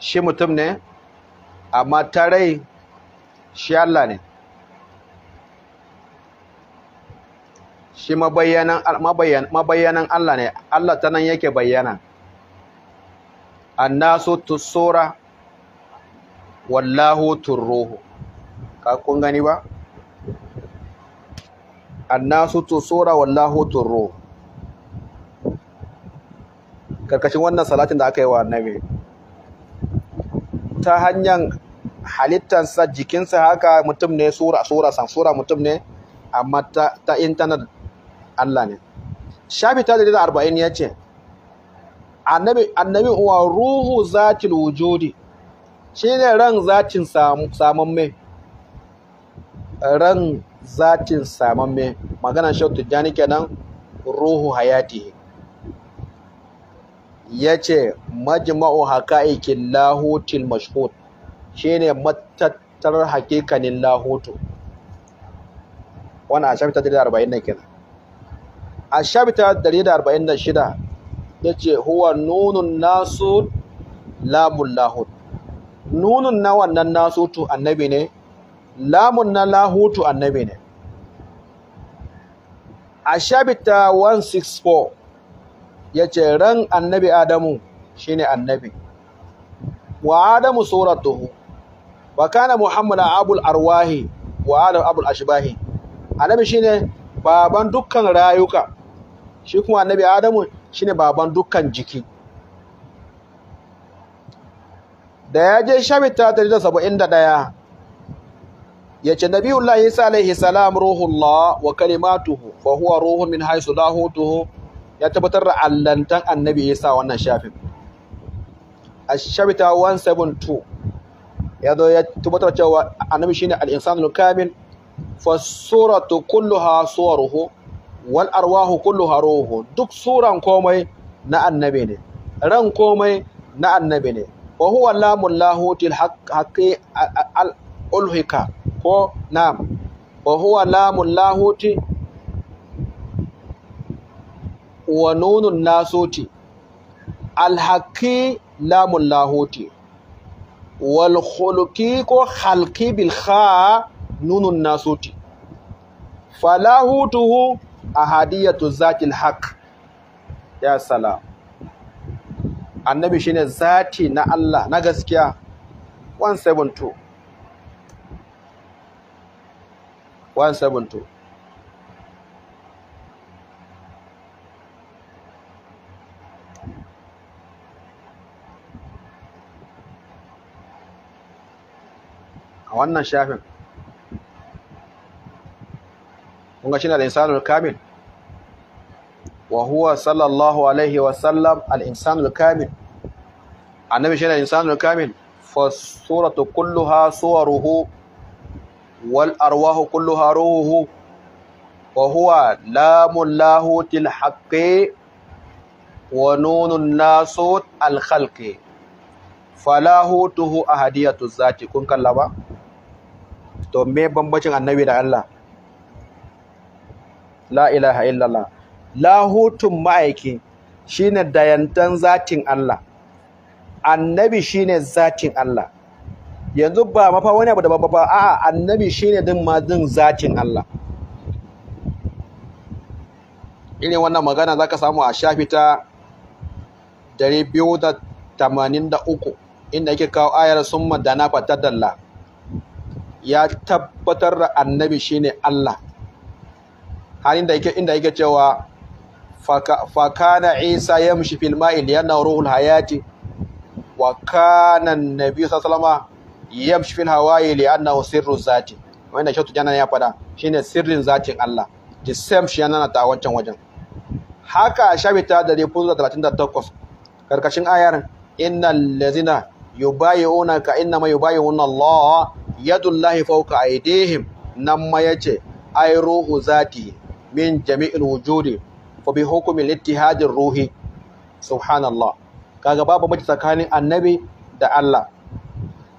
shi mutum ne amma ta rai shi Allah ne shi mabayyanan Allah ne Allah ta nan yake bayyana annasu tusura wallahu turruhu ka kun gani ba annasu tusura wallahu turruhu karkashin wannan salatin da aka yi wa annabi ta hanyar halittarsa jikinsa haka mutum ne sura sura san sura mutum ne amma ta, ta intanet Allah ne shafi ta da arba'in ya ce annabi uwa ruhu zatil wujudi ne ran zatin samun mai ran zatin samun mai maganar shautu jani kenan ruhu hayati ya ce majma'u haka'ikin lahutil mashhud ne matattar haƙiƙanin lahutu wannan a dari da arba'in nan kenan a arba'in ta shida, ya ce huwa nunun nasu lamun lahut nunun na wannan nasutu annabi ne lamun na lahutu annabi ne a shafita 164 ya ce ran annabi adamu shine annabi wa adamu suratuhu wa kana muhammadu abul arwahi wa adam abul ashibahi annabi shine baban dukkan rayuka shi kuma annabi adamu shine baban dukkan jiki da ya je shabita ɗaya. ya ce nabiyullahi isa alaihi salam ruhullah wa kalimatuhu fa huwa ruhun min haisu lahutuhu ya tabbatar da allantan annabi ya sa wannan shafin a shabita 172 ya zo ya tabbatar cewa annabi shine al-insanul kamil fa suratu kulluha suwaruhu wal arwahu kulluha ruhu duk suran komai na annabi ne ran komai na annabi ne wa huwa lamun lahutil haqqi al ulhika ko Nam wa huwa lamun lahuti wa nunun nasoti alhaki lamun lahoti wal ko halki bil kha nunun nasoti falahutuhu ahadiyatu zatil haq ya salam annabi shine zati na Allah na gaskiya 172 172 a wannan shafin kun ga shi na al'insanul kamil wa huwa sallallahu alaihi wa sallam wasallam al'insanul kamil annabi shi na al'insanul kamil fasuratu kulluha suwaruhu wal arwahu kulluha ruhuhu wa huwa lamun lahutil haqqi wa nunun nasut al khalqi falahutuhu ahadiyatu zati kun kallaba ba to me bambancin annabi da Allah la ilaha illallah lahutun ma'aiki shine dayantan zatin Allah annabi shine zatin Allah yanzu ba mafa wani abu da babba ba a'a annabi shine din ma din zatin Allah irin wannan magana zaka samu a shafi ta 283 inda yake kawo ayar summa dana fatadalla ya tabbatar da annabi shine Allah har inda yake inda yake cewa fa kana isa yamshi fil ma'i yana ruhul hayati wa kana annabi sallallahu yamshi fil hawa'i liyanna sirru zati wanda shi tujana ya fada shine sirrin zatin Allah the same shi yana ta wancan wajen haka shabita da 38 karkashin ayar innal lazina yubayi'una ka innama yubayi'una Allah yadullahi fawqa aydihim nan ma yace ay ruhu zati min jami'il wujudi fa bi hukmi littihadir ruhi subhanallah kaga babu mace tsakanin annabi da Allah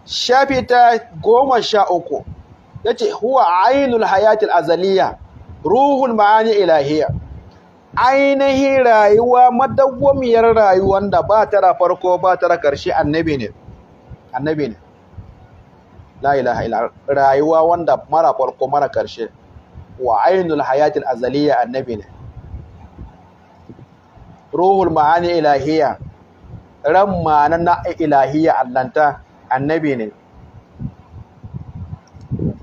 shafi ta goma sha uku yace huwa ainul hayatil azaliya ruhul ma'ani ilahiya ainihin rayuwa madawwamiyar rayuwar da ba ta da farko ba ta da ƙarshe annabi ne annabi ne la ilaha illa rayuwa wanda mara farko mara karshe wa ainul hayatil azaliya annabi ne ruhul ma'ani ilahiya ran ma'ana na ilahiya allanta annabi ne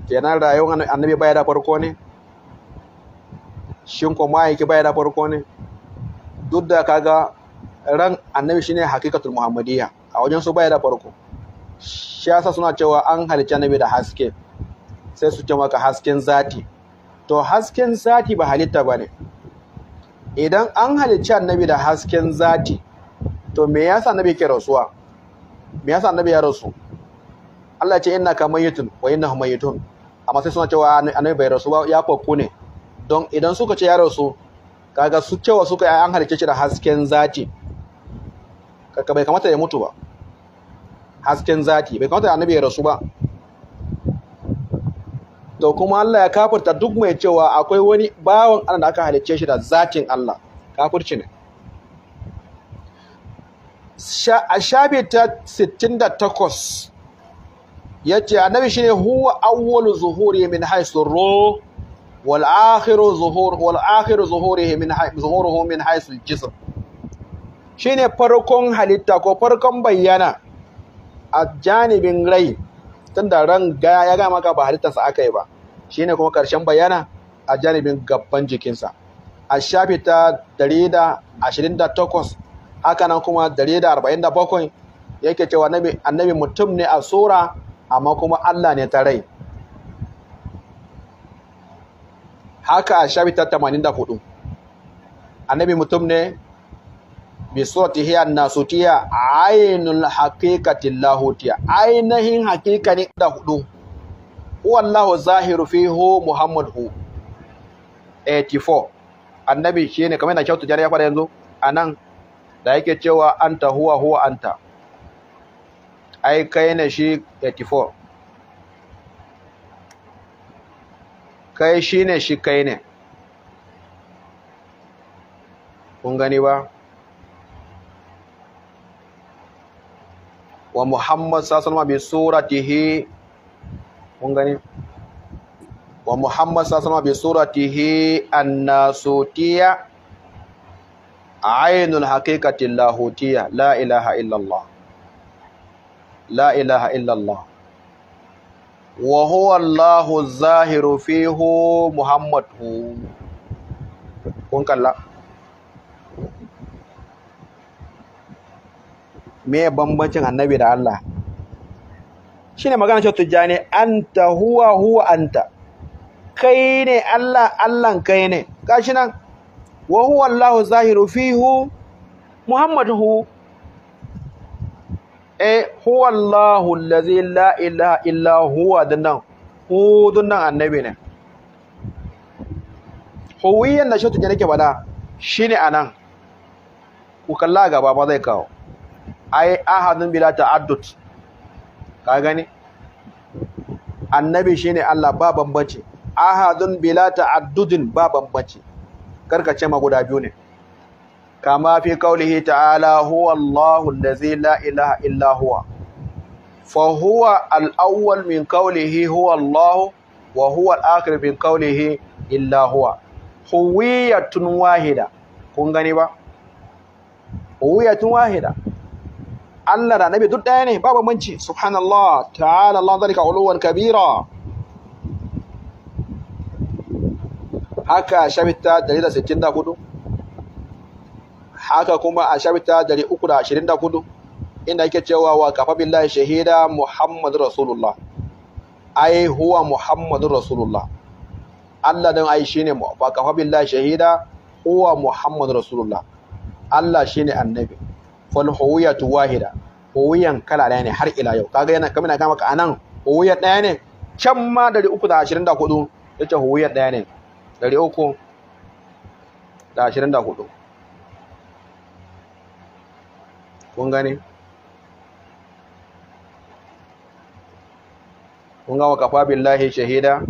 kenan rayuwa annabi baya da farko ne shin ko ma'aiki baya da farko ne duk da kaga ran annabi shine hakikatul muhammadiyya a wajen su baya da farko shi yasa suna cewa an halicci annabi da haske sai su ce maka hasken zati to hasken zati ba halitta ba ne idan an halicci annabi da hasken zati to me yasa annabi ke rasuwa me yasa annabi ya rasu Allah ce ka mayyitun wa innahum mayyitun amma sai suna cewa annabi bai rasu ba ya kokku ne don idan suka ce ya rasu kaga su cewa suka yi an halicce shi da hasken zati kaka bai kamata ya mutu ba hasken zati bai kamata annabi ya rasu ba to kuma Allah ya kafirta duk mai cewa akwai wani bawan Allah da aka halicce shi da zatin Allah kafirci ne a shafi ta 68 ya ce annabi shi ne huwa awwalu zuhuri min haisu ro wal akhiru zuhuri min haisu jism shi ne farkon halitta ko farkon bayyana a janibin rai tunda ran gaya ya gama ka ba halittarsa aka yi ba shi ne kuma karshen bayana a janibin gaban jikinsa a shafi ta 128 haka nan kuma 147 yake cewa annabi mutum ne a sura amma kuma Allah ne ta rai haka a shafi ta 84 annabi mutum ne bi suratihi annasutiya ainul haqiqati lahutiya ainihin haqiqa ne da hudu wallahu zahiru fihu muhammadu 84 annabi shine kamar yana kyautu jari ya fara yanzu anan da yake cewa anta huwa huwa anta ai kai ne shi 84 kai shi ne shi kai ne kun gani ba wa Muhammad sallallahu alaihi wasallam bi suratihi mun gani wa Muhammad sallallahu alaihi wasallam bi suratihi annasutiya ainul haqiqati lahutiya la ilaha illallah la ilaha illallah wa huwa Allahu zahiru fihu Muhammad kun kalla me bambancin annabi da Allah ne magana cewa tujjani anta huwa huwa anta kai ne Allah Allahn kai ne gashi nan wa huwa Allahu zahiru fihu Muhammadu hu. eh huwa Allahu allazi la ilaha illa huwa dinnan hu dinnan annabi ne huwiyan da shi tujjani ke bada ne anan ku kalla gaba ba zai kawo ai ahadun bila ta'addud ka gani annabi shine Allah ba bambace ahadun bila ta'addudin ba bambanci karka ce ma guda biyu ne kama fi kaulihi ta'ala huwa Allahu allazi la ilaha illa huwa fa huwa al-awwal min kaulihi huwa Allahu wa huwa al-akhir min kaulihi illa huwa huwiyatun wahida kun gani ba huwiyatun wahida Allah da Annabi duk ɗaya ne ba bambanci subhanallah ta'ala Allah zalika uluwan kabira haka shabita 164 haka kuma a shabita 324 inda yake cewa wa kafa billahi shahida Muhammadu Rasulullah ai huwa Muhammadu Rasulullah Allah dan ai shine wa kafa billahi shahida huwa Muhammadu Rasulullah Allah shine annabi fal huwiyatu wahida huwiyan kala ɗaya ne har ila yau kaga yana kamar ga maka anan huwiyar ɗaya ne can ma 324 yace huwiyar ɗaya ne 324 kun gane kun ga wakafa billahi shahida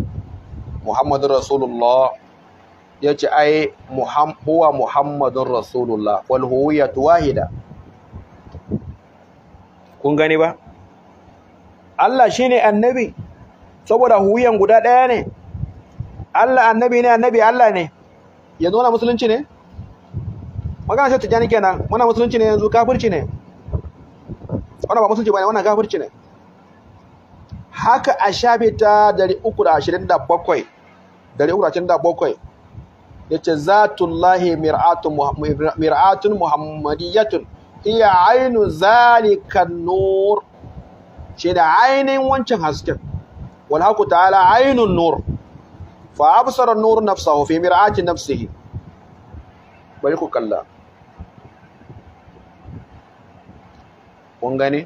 Muhammadu rasulullah ya ce ai huwa muhammadun rasulullah wal huwiyatu wahida kun gani ba Allah shine annabi saboda huyan guda ɗaya ne Allah annabi ne annabi Allah ne yanzu muna musulunci ne magana ce tijani kenan muna musulunci ne yanzu kafirci ne wannan ba musulunci bane wannan kafirci ne haka a shafe ta 327 327 yace zatullahi mir'atun mir'atun muhammadiyatun iya ainu zalika nur shi da ainihin wancan hasken wal haku ta'ala ainun nur fa absara nur nafsahu fi mir'ati nafsihi bari ku kalla kun gane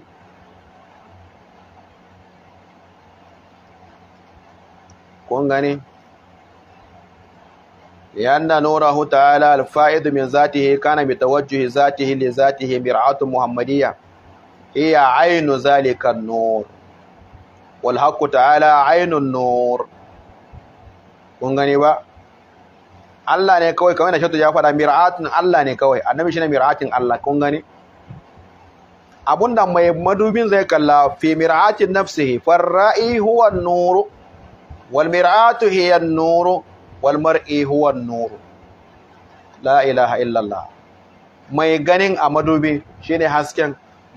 kun gane لأن نوره تعالى الفائض من ذاته كان بتوجه ذاته لذاته مرعاة محمدية هي عين ذلك النور والحق تعالى عين النور kun gani ba Allah ne kawai kamar da Shatu ya faɗa mir'atin Allah ne kawai annabi ne mir'atin Allah kun gani abunda mai madubin zai kalla fi mir'atin nafsihi farra'i huwa an wal mir'atu hiya an Walmar mar'i huwa nuru la ilaha illallah mai ganin a madubi shine hasken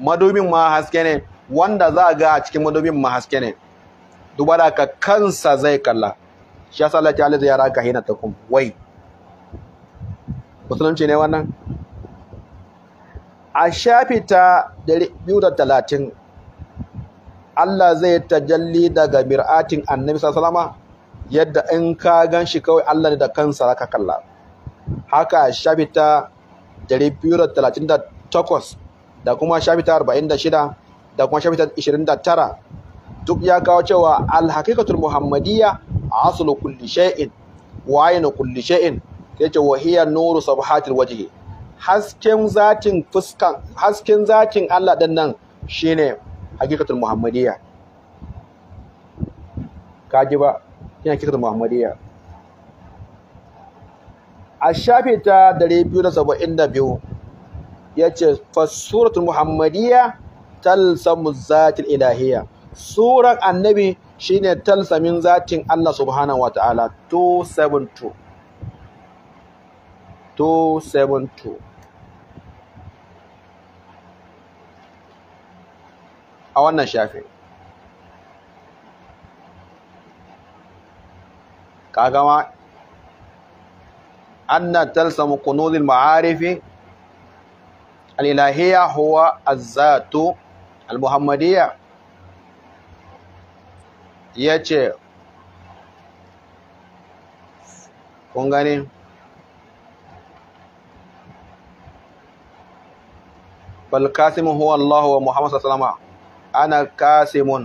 madubin ma haske ne wanda za ga a cikin madubin ma haske ne duba da ka kansa zai kalla shi yasa Allah ta'ala zai raka hina kun wai musulunci ne wannan a shafi ta 230 Allah zai tajalli daga mir'atin annabi sallallahu alaihi yadda in ka gan shi kawai Allah ne da kansa za ka kalla haka shafita ta 238 da kuma shafita 46 da kuma shafita 29 duk ya kawo cewa alhaqiqatul muhammadiyya a aslu kulli shay'in waye na kulli shay'in yace wa hiya nuru sabhatil wajhi hasken zatin fuskan hasken zatin Allah din nan shine haqiqatul muhammadiyya kaji ba yana kitar muhammadiyya a shafi ta dare biyu da saba'in da biyu ya ce fasuratul muhammadiyya talsamu zatin ilahiyya suran annabi shine talsamin zatin Allah subhanahu wa ta'ala 272 272 a wannan shafin kaga ma anna talsamu kunuzil ma'arifi al huwa az al-muhammadiyya yace kun gane bal huwa Allahu wa Muhammad Sallama. alaihi wasallam ana kasimun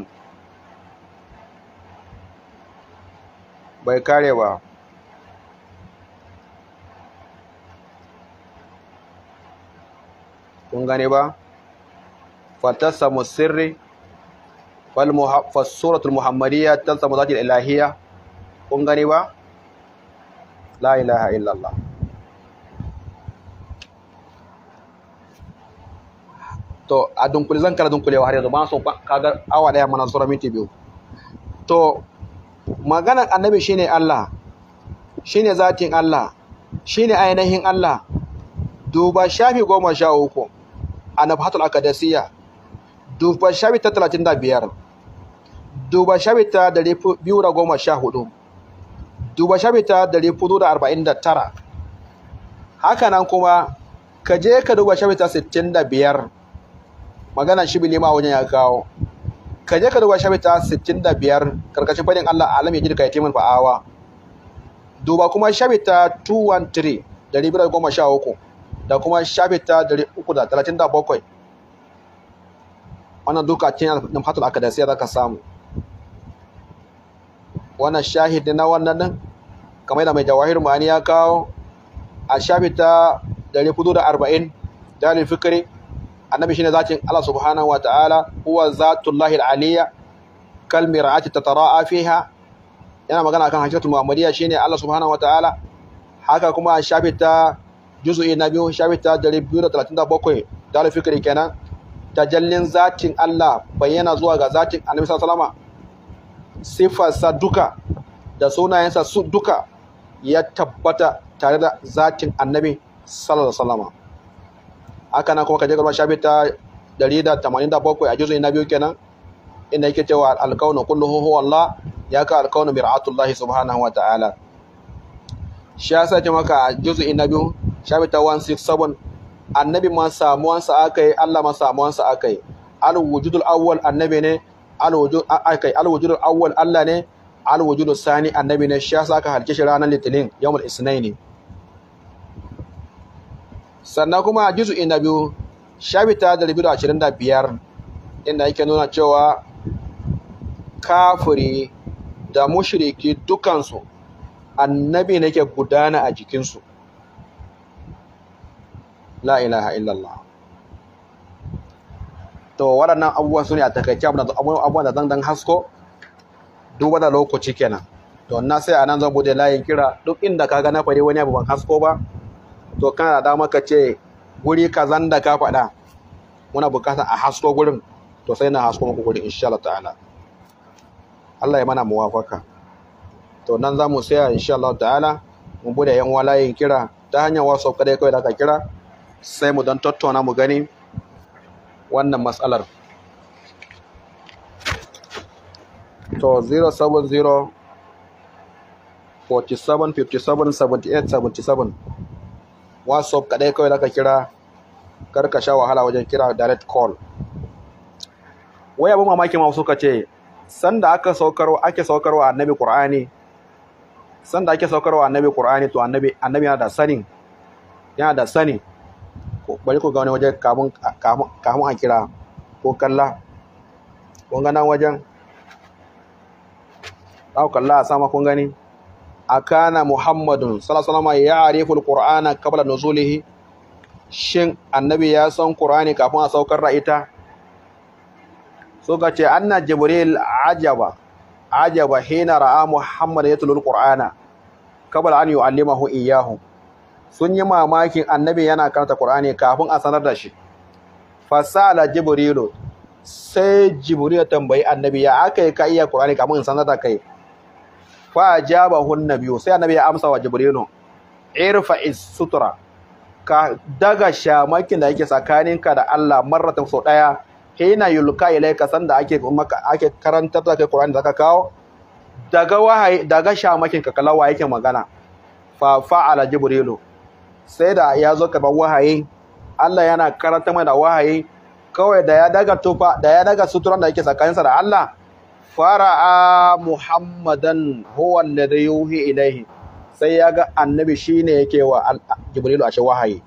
bai kare ba kun gane ba fatasamu sirri fassuratul muhammadiyya talta zatil ilahiyya kun gane ba la ilaha illallah to a dunkule zan kara dunkulewa har yanzu ba son kaga awa daya mana sura minti biyu to maganan annabi shine Allah shine zatin Allah shine ainihin Allah duba shafi goma sha uku a nafhatul akadasiya duba shafi ta talatin da biyar duba shafi ta dari biyu da goma sha hudu duba shafi ta dari hudu da arba'in da tara hakanan kuma ka je ka duba shafi ta sittin da biyar maganan shibili ma wajen ya kawo ka je ka duba shafi ta 65 karkashin fadin Allah alam yajid ka yatiman fa'awa duba kuma shafi ta 213 da ribirar goma sha uku da kuma shafi ta uku da talatin da bakwai wannan duka cikin namhatul akadasiya za ka samu wannan shahidi na wannan nan kamar da mai jawahir ma'ani ya kawo a shafi ta 440 dalil fikirin annabi shine zatin Allah subhanahu wa ta'ala huwa zatullahi aliyya kal mir'ati tatara'a fiha yana magana akan hakikatul muhammadiyya shine Allah subhanahu wa ta'ala haka kuma shafi ta juz'i na biyu shafi ta 237 dalu fikri kenan tajallin zatin Allah bayyana zuwa ga zatin annabi sallallahu sa duka da sunayensa su duka ya tabbata tare da zatin annabi sallallahu alaihi wasallam haka nan kuma ka je garba shafi ta bakwai a juzu na biyu kenan inda yake cewa alkaunu kulluhu huwa Allah ya ka alkaunu mir'atullah subhanahu wa ta'ala shi yasa ce maka a juzu na biyu shafi ta 167 annabi ma samuwansa aka yi Allah ma samuwansa aka yi alwujudul awwal annabi ne alwujudul awwal Allah ne alwujudul sani annabi ne shi yasa aka halke shi ranar litinin yawmul isnaini sannan kuma a juzu'i na biyu shafi ta da rubutu ashirin da biyar inda yake nuna cewa kafiri da mushiriki dukansu annabi ne ke gudana a jikinsu la ilaha illallah to waɗannan abubuwan su ne a takaice abubuwan da zan dan hasko duba da lokaci kenan to na sai a nan zan bude layin kira duk inda ka na fari wani abu ban hasko ba to kana da dama ka ce guri kazan da ka faɗa muna bukatar a hasko gurin to sai na hasko muku gurin insha Allah ta'ala Allah ya mana muwafaka to nan za mu saya insha Allah ta'ala mu bude yan walayin kira ta hanyar WhatsApp kadai kawai da ka kira sai mu dan tattauna mu gani wannan matsalar to 070 47 57 78 77 whatsapp kadai kawai zaka kira kar ka sha wahala wajen kira direct call wai abin mamaki ma suka ce sanda aka saukarwa ake saukarwa annabi qur'ani sanda ake saukarwa annabi qur'ani to annabi annabi yana da sani, yana da sani bari ku ga wani waje kamun kamun a kira ko kalla kun ga nan wajen za kalla a sama kun gani akana muhammadun sallallahu ya ariful qur'ana qabla nuzulihi shin annabi ya san qur'ani kafin a saukar da ita suka ce anna jibril ajaba ajaba hina ra'a muhammad yatlul qur'ana qabla an yu'allimahu iyyahu sun yi mamakin annabi yana karanta qur'ani kafin a sanar da shi fasala jibrilu sai jibril ya tambayi annabi ya aka yi ka iya qur'ani kafin in sanar da kai fa ajabahu nabiyyu sai annabi ya amsa wa jibrilu irfa is sutura ka daga shamakin da yake tsakaninka da Allah marratan sau daya hina yulka ilaika sanda ake ake karantar da kai Qur'ani zaka kawo daga wahayi daga shamakin ka kalawa yake magana fa fa'ala jibrilu sai da ya zo bar wahayi Allah yana karanta mai da wahayi kawai da ya daga tufa da ya daga suturan da yake tsakaninsa da Allah fara'a muhammadan da alladhi yuhi ilaihi sai ya ga annabi shi ne yake wa jibrilu ashe wahayi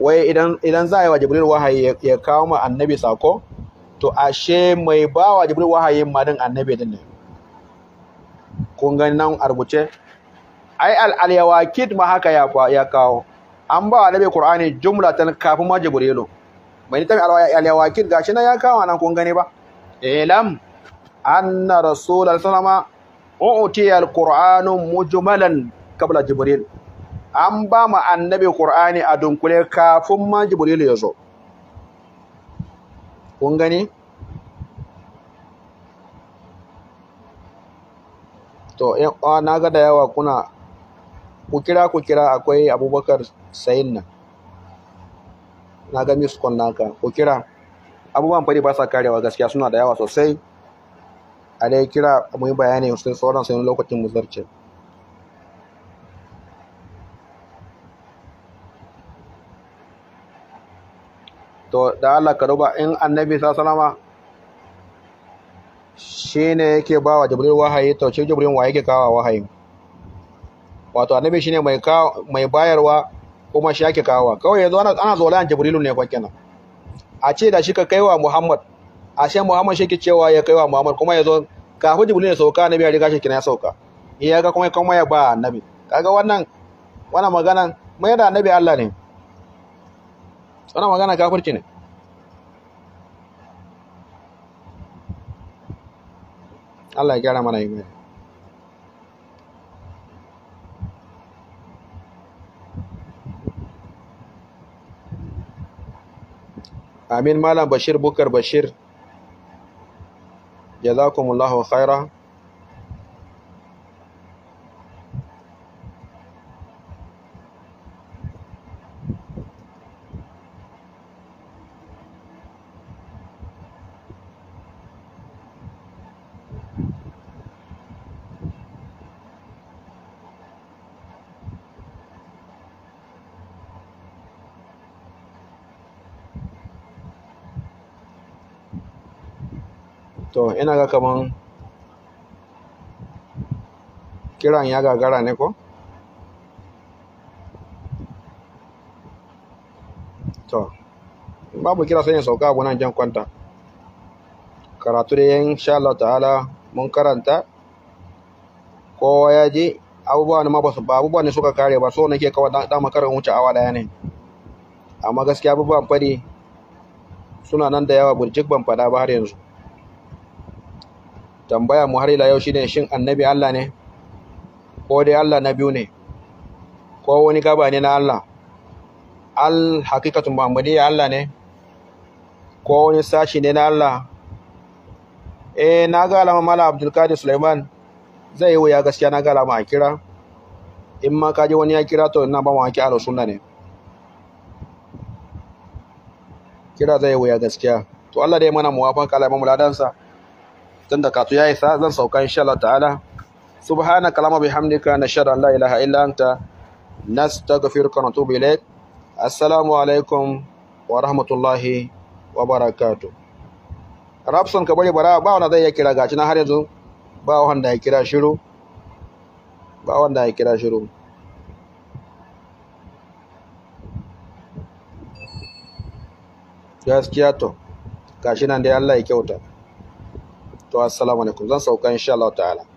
wai idan za a yi wa jibrilu wahayi ya kawo ma annabi sako to ashe mai bawa jibrilu wahayi ma annabi din ne kun gani nan arbuce ai al'alyawa Kit ma haka ya kawo an ba wa annabi qur'ani jumlatan kafin ma jibrilu bai ta alwaya alwakil gashi nan ya kawo nan kun gani ba ilam eh, anna rasulullah sallama utiya alqur'anu mujmalan qabla jibril an ba mu annabi ƙur'ani a dunkule kafin ma jibril ya zo kun gani to na ga da yawa kuna ku kira ku kira akwai abubakar sayin nan na ga miskon naka ku kira Abubakar fari ba sa karewa gaskiya suna da yawa sosai a dai kira mu yi bayani sai tsoron sai lokacin mu zarce to da Allah ka duba in annabi salama shi ne yake ba wa jibril wahayi to shi jibril wa yake kawo wahayi wato annabi shi ne mai bayarwa kuma shi yake kawo kawai yanzu ana zo zola an ne kwa kenan a ce da shi ka kaiwa muhammad ashe Muhammad shi ke cewa ya kai wa Muhammad kuma ya zo kafin Jibril ya sauka nabi ya riga shi ya sauka ya ga kuma kuma ya ba nabi kaga wannan wannan magana mai da nabi Allah ne wannan magana kafirci ne Allah ya gyara mana yi mai Amin Malam Bashir Bukar Bashir جزاكم الله خيرا to ina ga kaman kiran ya gagara ne ko to babu kira sai sauka abu nan jan kwanta karatu da yan Allah ta'ala mun karanta kowa ya je abubuwa ne ma ba abubuwa ne suka kare ba so nake kawai da makarar wuce awa daya ne amma gaskiya abubuwan fadi suna nan da yawa burjik ban fada ba har yanzu tambaya mu har ila yau shine shin annabi Allah ne ko dai Allah na biyu ne ko wani gaba ne na Allah al haqiqatu muhammadiyya Allah ne ko wani sashi ne na Allah eh na ga alama mala abdulkadir Sulaiman zai yi wuya gaskiya na ga alama a kira in ma ka ji wani ya kira to ina ba mu haƙi ala sunna ne kira zai yi wuya gaskiya to Allah dai mana muwafaka alama ya mamu tunda katu ya isa zan sauka insha Allah ta'ala subhanaka allahumma bihamdika nashhadu an la ilaha illa anta nastaghfiruka wa natubu ilaik assalamu alaikum wa rahmatullahi wa barakatuh Rabson ka bari bara ba wanda zai ya kira gaci na har yanzu ba wanda ya kira shiru ba wanda ya kira shiru gaskiya to gashi nan dai Allah ya kyauta barakatuh assalamu alaikum zan sauka insha Allah ta'ala